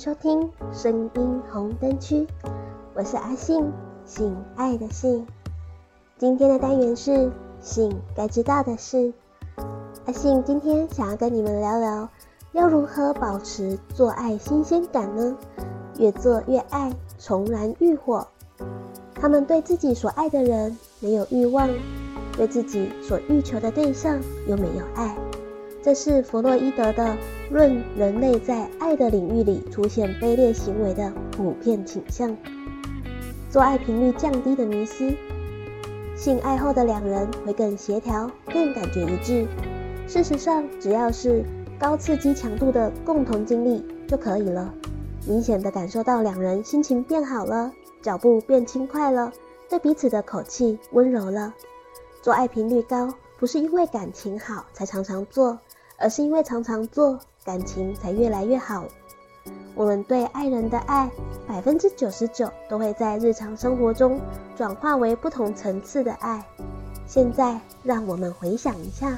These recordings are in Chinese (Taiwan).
收聽聲音紅燈區，我是阿信，性愛的性。今天的單元是性該知道的事。阿信今天想要跟你們聊聊，要如何保持做愛新鮮感呢？越做越愛，重燃慾火。他們對自己所愛的人沒有欲望，對自己所欲求的對象又沒有愛。這是弗洛伊德的《論人類在愛的領域裡出現卑劣行為的普遍傾向》。做愛頻率降低的迷思：性愛後的兩人會更協調，更感覺一致。事實上，只要是高刺激強度的共同經歷就可以了。明顯地感受到兩人心情變好了，腳步變輕快了，對彼此的口氣溫柔了。做愛頻率高，不是因為感情好才常常做。而是因為常常做，感情才越來越好。我們對愛人的愛，百分之九十九都會在日常生活中轉化為不同層次的愛。現在，讓我們回想一下，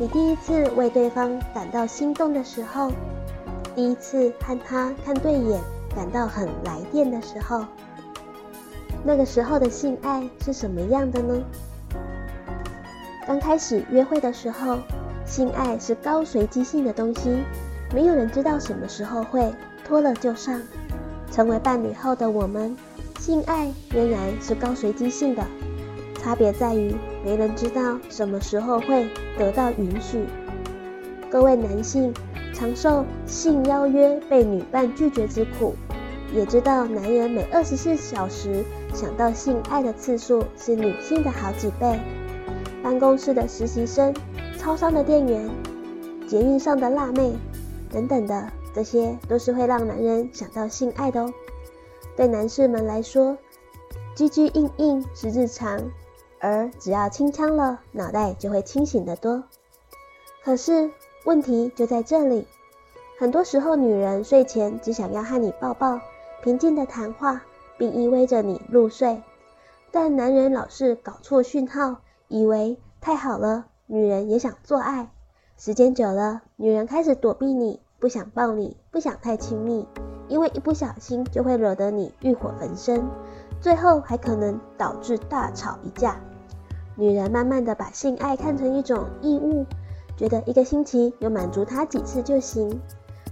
你第一次為對方感到心動的時候，第一次和他看對眼，感到很來電的時候，那個時候的性愛是什麼樣的呢？剛開始約會的時候。性愛是高隨機性的東西，沒有人知道什麼時候會脫了就上。成為伴侶後的我們，性愛仍然是高隨機性的，差別在於沒人知道什麼時候會得到允許。各位男性常受性邀約被女伴拒絕之苦，也知道男人每二十四小時想到性愛的次數是女性的好幾倍。辦公室的實習生。超商的店員，捷運上的辣妹，等等的，這些都是會讓男人想到性愛的哦。對男士們來說，GG 硬硬是日常，而只要清槍了，腦袋就會清醒得多。可是問題就在這裡，很多時候女人睡前只想要和你抱抱，平靜的談話，並依偎着你入睡，但男人老是搞錯訊號，以為太好了。女人也想做愛，時間久了，女人開始躲避你，不想抱你，不想太親密，因為一不小心就會惹得你慾火焚身，最後還可能導致大吵一架。女人慢慢的把性愛看成一種義務，覺得一個星期有滿足她幾次就行。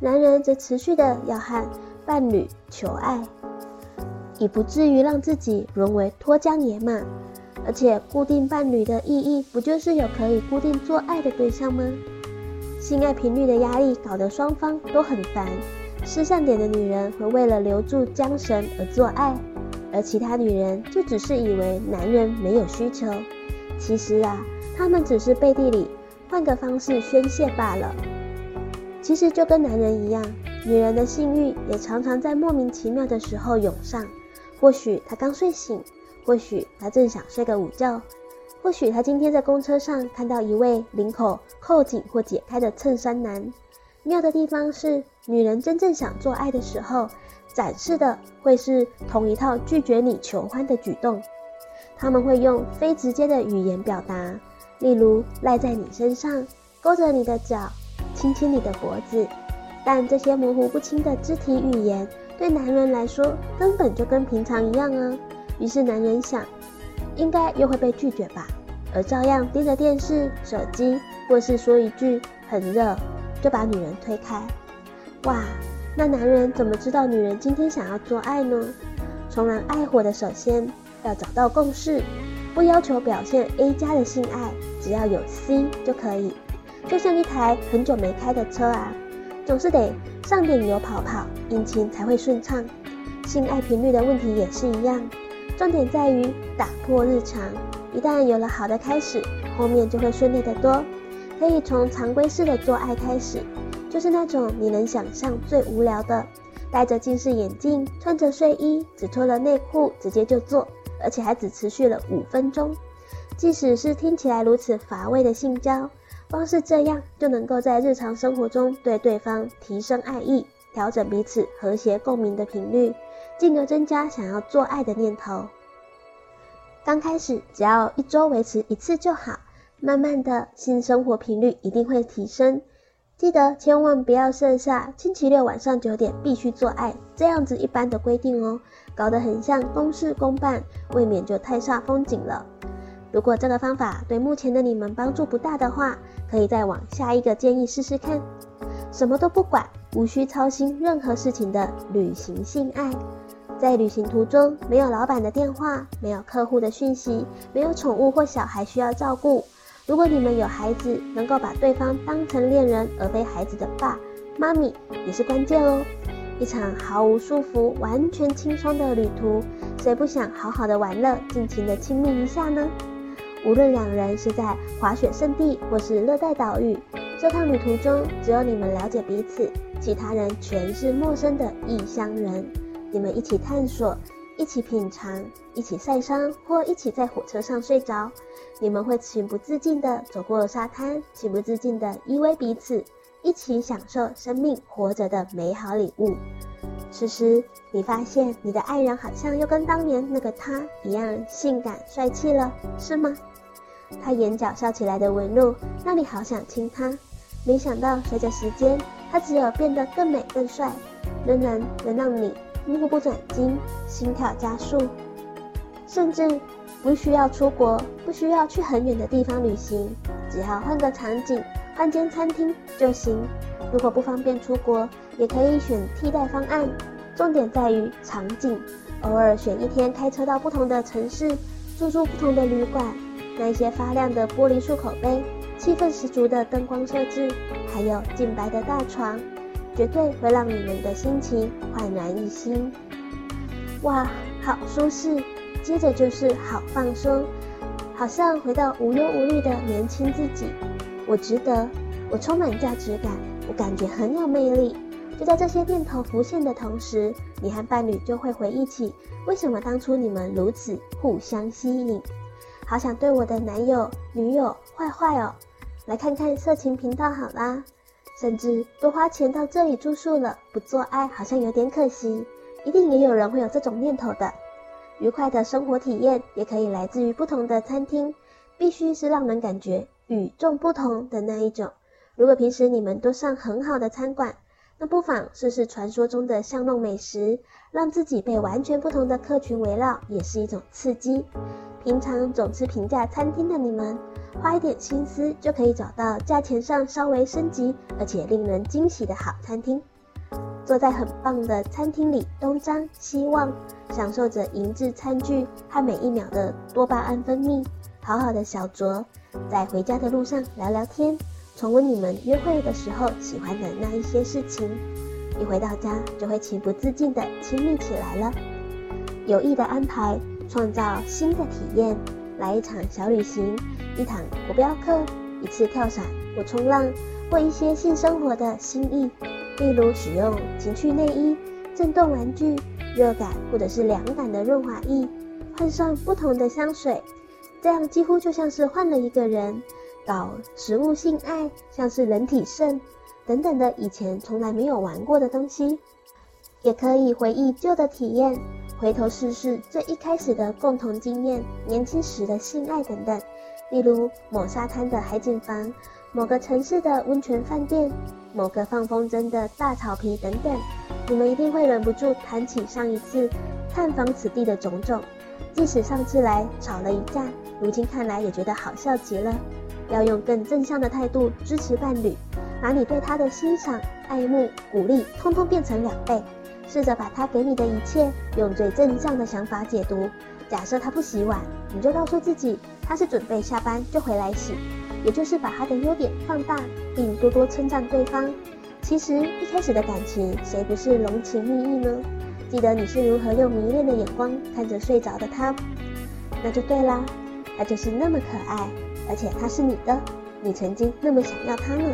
男人則持續的要和伴侶求愛，以不至於讓自己淪為脫韁野馬。而且固定伴侶的意義，不就是有可以固定做愛的對象嗎？性愛頻率的壓力，搞得雙方都很煩。失散點的女人會為了留住韁繩而做愛，而其他女人就只是以為男人沒有需求。其實啊，她們只是背地裡換個方式宣洩罷了。其實就跟男人一樣，女人的性慾也常常在莫名其妙的時候湧上。或許她剛睡醒。或許他正想睡個午覺，或許他今天在公車上看到一位領口扣緊或解開的襯衫男。妙的地方是，女人真正想做愛的時候，展示的會是同一套拒絕你求歡的舉動。他們會用非直接的語言表達，例如賴在你身上，勾着你的腳，親親你的脖子。但這些模糊不清的肢體語言，對男人來說根本就跟平常一樣啊。於是男人想，應該又會被拒絕吧？而照樣盯着電視、手機，或是說一句“很熱”，就把女人推開。哇，那男人怎麼知道女人今天想要做愛呢？重燃愛火的，首先要找到共識，不要求表現 A 加的性愛，只要有 C 就可以。就像一台很久沒開的車啊，總是得上點油跑跑，引擎才會順暢。性愛頻率的問題也是一樣。重點在於打破日常，一旦有了好的開始，後面就會順利得多。可以從常規式的做愛開始，就是那種你能想象最無聊的，戴着近視眼鏡，穿着睡衣，只脫了內褲直接就做，而且還只持續了五分鐘。即使是聽起來如此乏味的性交，光是這樣就能夠在日常生活中對對方提升愛意，調整彼此和諧共鳴的頻率。進而增加想要做愛的念頭。剛開始只要一周維持一次就好，慢慢的性生活頻率一定會提升。記得千萬不要設下星期六晚上九點必須做愛這樣子一般的規定哦，搞得很像公事公辦，未免就太煞風景了。如果這個方法對目前的你們幫助不大的話，可以再往下一個建議試試看，什麼都不管，無需操心任何事情的旅行性愛。在旅行途中，沒有老闆的電話，沒有客戶的訊息，沒有寵物或小孩需要照顧。如果你們有孩子，能夠把對方當成戀人而非孩子的爸媽咪也是關鍵哦。一場毫無束縛、完全輕鬆的旅途，誰不想好好的玩樂、盡情的親密一下呢？無論兩人是在滑雪勝地或是熱帶島嶼，這趟旅途中只有你們了解彼此，其他人全是陌生的異鄉人。你們一起探索，一起品嘗，一起曬傷，或一起在火車上睡着。你們會情不自禁地走過沙灘，情不自禁地依偎彼此，一起享受生命活着的美好禮物。此時，你發現你的愛人好像又跟當年那個他一樣性感帥氣了，是嗎？他眼角笑起來的紋路讓你好想親他。沒想到隨着時間，他只有變得更美更帥，仍然能讓你，目不轉睛，心跳加速，甚至不需要出國，不需要去很遠的地方旅行，只要換個場景，換間餐廳就行。如果不方便出國，也可以選替代方案。重點在於場景，偶爾選一天開車到不同的城市，住住不同的旅館，那些發亮的玻璃漱口杯，氣氛十足的燈光設置，還有淨白的大床。絕對會讓你們的心情煥然一新，哇，好舒適。接着就是好放鬆，好像回到無憂無慮的年輕自己。我值得，我充滿價值感，我感覺很有魅力。就在這些念頭浮現的同時，你和伴侶就會回憶起為什麼當初你們如此互相吸引。好想對我的男友、女友壞壞哦，來看看色情頻道好啦。甚至多花錢到這裡住宿了，不做愛好像有點可惜。一定也有人會有這種念頭的。愉快的生活體驗也可以來自於不同的餐廳，必須是讓人感覺與眾不同的那一種。如果平時你們都上很好的餐館。那不妨試試傳說中的巷弄美食，讓自己被完全不同的客群圍繞，也是一種刺激。平常總吃平價餐廳的你們，花一點心思就可以找到價錢上稍微升級，而且令人驚喜的好餐廳。坐在很棒的餐廳裡，東張西望，享受着銀質餐具和每一秒的多巴胺分泌。好好的小酌，在回家的路上聊聊天。重溫你們約會的時候喜歡的那一些事情，一回到家就會情不自禁的親密起來了。有意的安排，創造新的體驗，來一場小旅行，一堂國標課，一次跳傘或衝浪，或一些性生活的新意，例如使用情趣內衣、震動玩具、熱感或者是涼感的潤滑液，換上不同的香水，這樣幾乎就像是換了一個人。搞食物性愛，像是人體盛等等的，以前從來沒有玩過的東西，也可以回憶舊的體驗，回頭試試最一開始的共同經驗，年輕時的性愛等等。例如某沙灘的海景房，某個城市的溫泉飯店，某個放風箏的大草坪等等，你們一定會忍不住談起上一次探訪此地的種種，即使上次來吵了一架，如今看來也覺得好笑極了。要用更正向的態度支持伴侶，把你對他的欣賞、愛慕、鼓勵，通通變成兩倍。試着把他給你的一切，用最正向的想法解讀。假設他不洗碗，你就告訴自己，他是準備下班就回來洗。也就是把他的優點放大，並多多稱讚對方。其實一開始的感情，誰不是濃情蜜意呢？記得你是如何用迷戀的眼光看着睡着的他，那就對啦，他就是那麼可愛。而且他是你的，你曾經那麼想要他呢。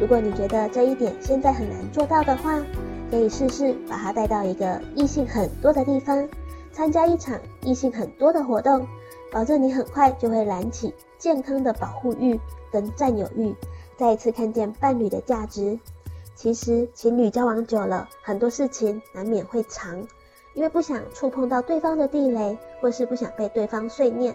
如果你覺得這一點現在很難做到的話，可以試試把他帶到一個異性很多的地方，參加一場異性很多的活動，保證你很快就會燃起健康的保護欲跟佔有欲，再一次看見伴侶的價值。其實情侶交往久了，很多事情難免會藏，因為不想觸碰到對方的地雷，或是不想被對方碎念。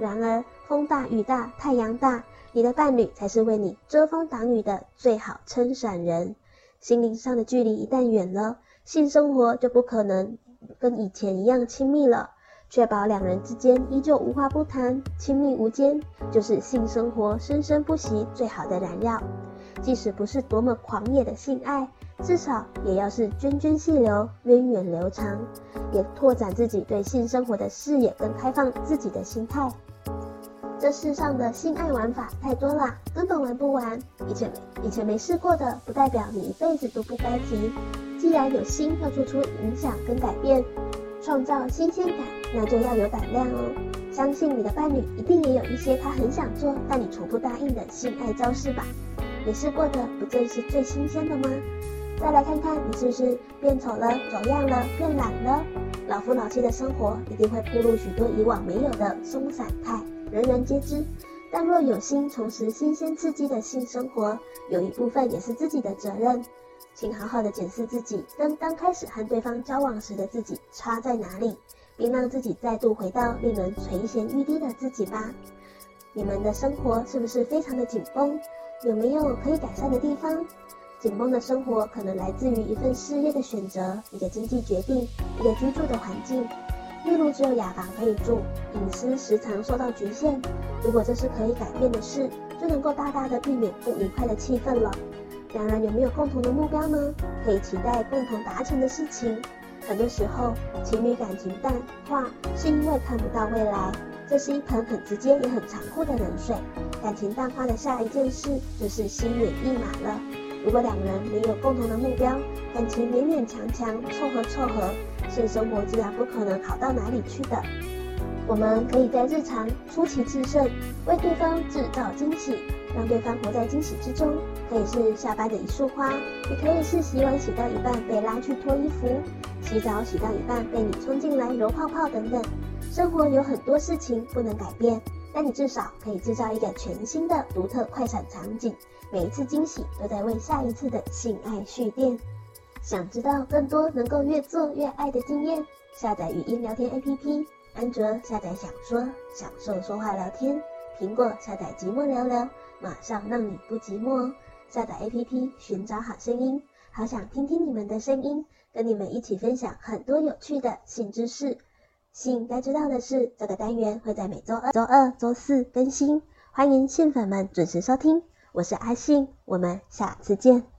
然而，風大雨大太陽大，你的伴侶才是為你遮風擋雨的最好撐傘人。心靈上的距離一旦遠了，性生活就不可能跟以前一樣親密了。確保兩人之間依舊無話不談、親密無間，就是性生活生生不息最好的燃料。即使不是多麼狂野的性愛，至少也要是涓涓細流、源遠流長，也拓展自己對性生活的視野，跟開放自己的心態。這世上的性愛玩法太多啦，根本玩不完。以前以前沒試過的，不代表你一輩子都不該提。既然有心要做出影響跟改變，創造新鮮感，那就要有膽量哦。相信你的伴侶一定也有一些他很想做但你從不答應的性愛招式吧。沒試過的，不正是最新鮮的嗎？再來看看你是不是變醜了、走樣了、變懶了？老夫老妻的生活一定會暴露許多以往沒有的鬆散態。人人皆知，但若有心從事新鮮刺激的性生活，有一部分也是自己的責任，請好好的檢視自己，跟剛開始和對方交往時的自己差在哪裡，並讓自己再度回到令人垂涎欲滴的自己吧。你們的生活是不是非常的緊繃？有沒有可以改善的地方？緊繃的生活可能來自於一份事業的選擇，一個經濟決定，一個居住的環境。例如，只有雅房可以住，隱私時常受到侷限。如果這是可以改變的事，就能夠大大的避免不愉快的氣氛了。兩人有沒有共同的目標呢？可以期待共同達成的事情。很多時候，情侶感情淡化是因為看不到未來。這是一盆很直接也很殘酷的冷水。感情淡化的下一件事就是心猿意馬了。如果兩人沒有共同的目標，感情勉勉強強湊合湊合，性生活自然不可能好到哪裡去的。我們可以在日常出奇制勝，為對方制造驚喜，讓對方活在驚喜之中。可以是下班的一束花，也可以是洗碗洗到一半被拉去脫衣服，洗澡洗到一半被你衝進來揉泡泡等等。生活有很多事情不能改變，但你至少可以制造一個全新的獨特快閃場景。每一次驚喜都在為下一次的性愛蓄電。想知道更多能夠越做越愛的經驗？下載語音聊天 APP，安卓下載享說，享受說話聊天；蘋果下載寂寞聊聊，馬上讓你不寂寞哦。下載 APP 尋找好聲音，好想聽聽你們的聲音，跟你們一起分享很多有趣的性知識。性該知道的事，這個單元會在每周二、周二、周四更新，歡迎性粉們準時收聽。我是阿信，我們下次見。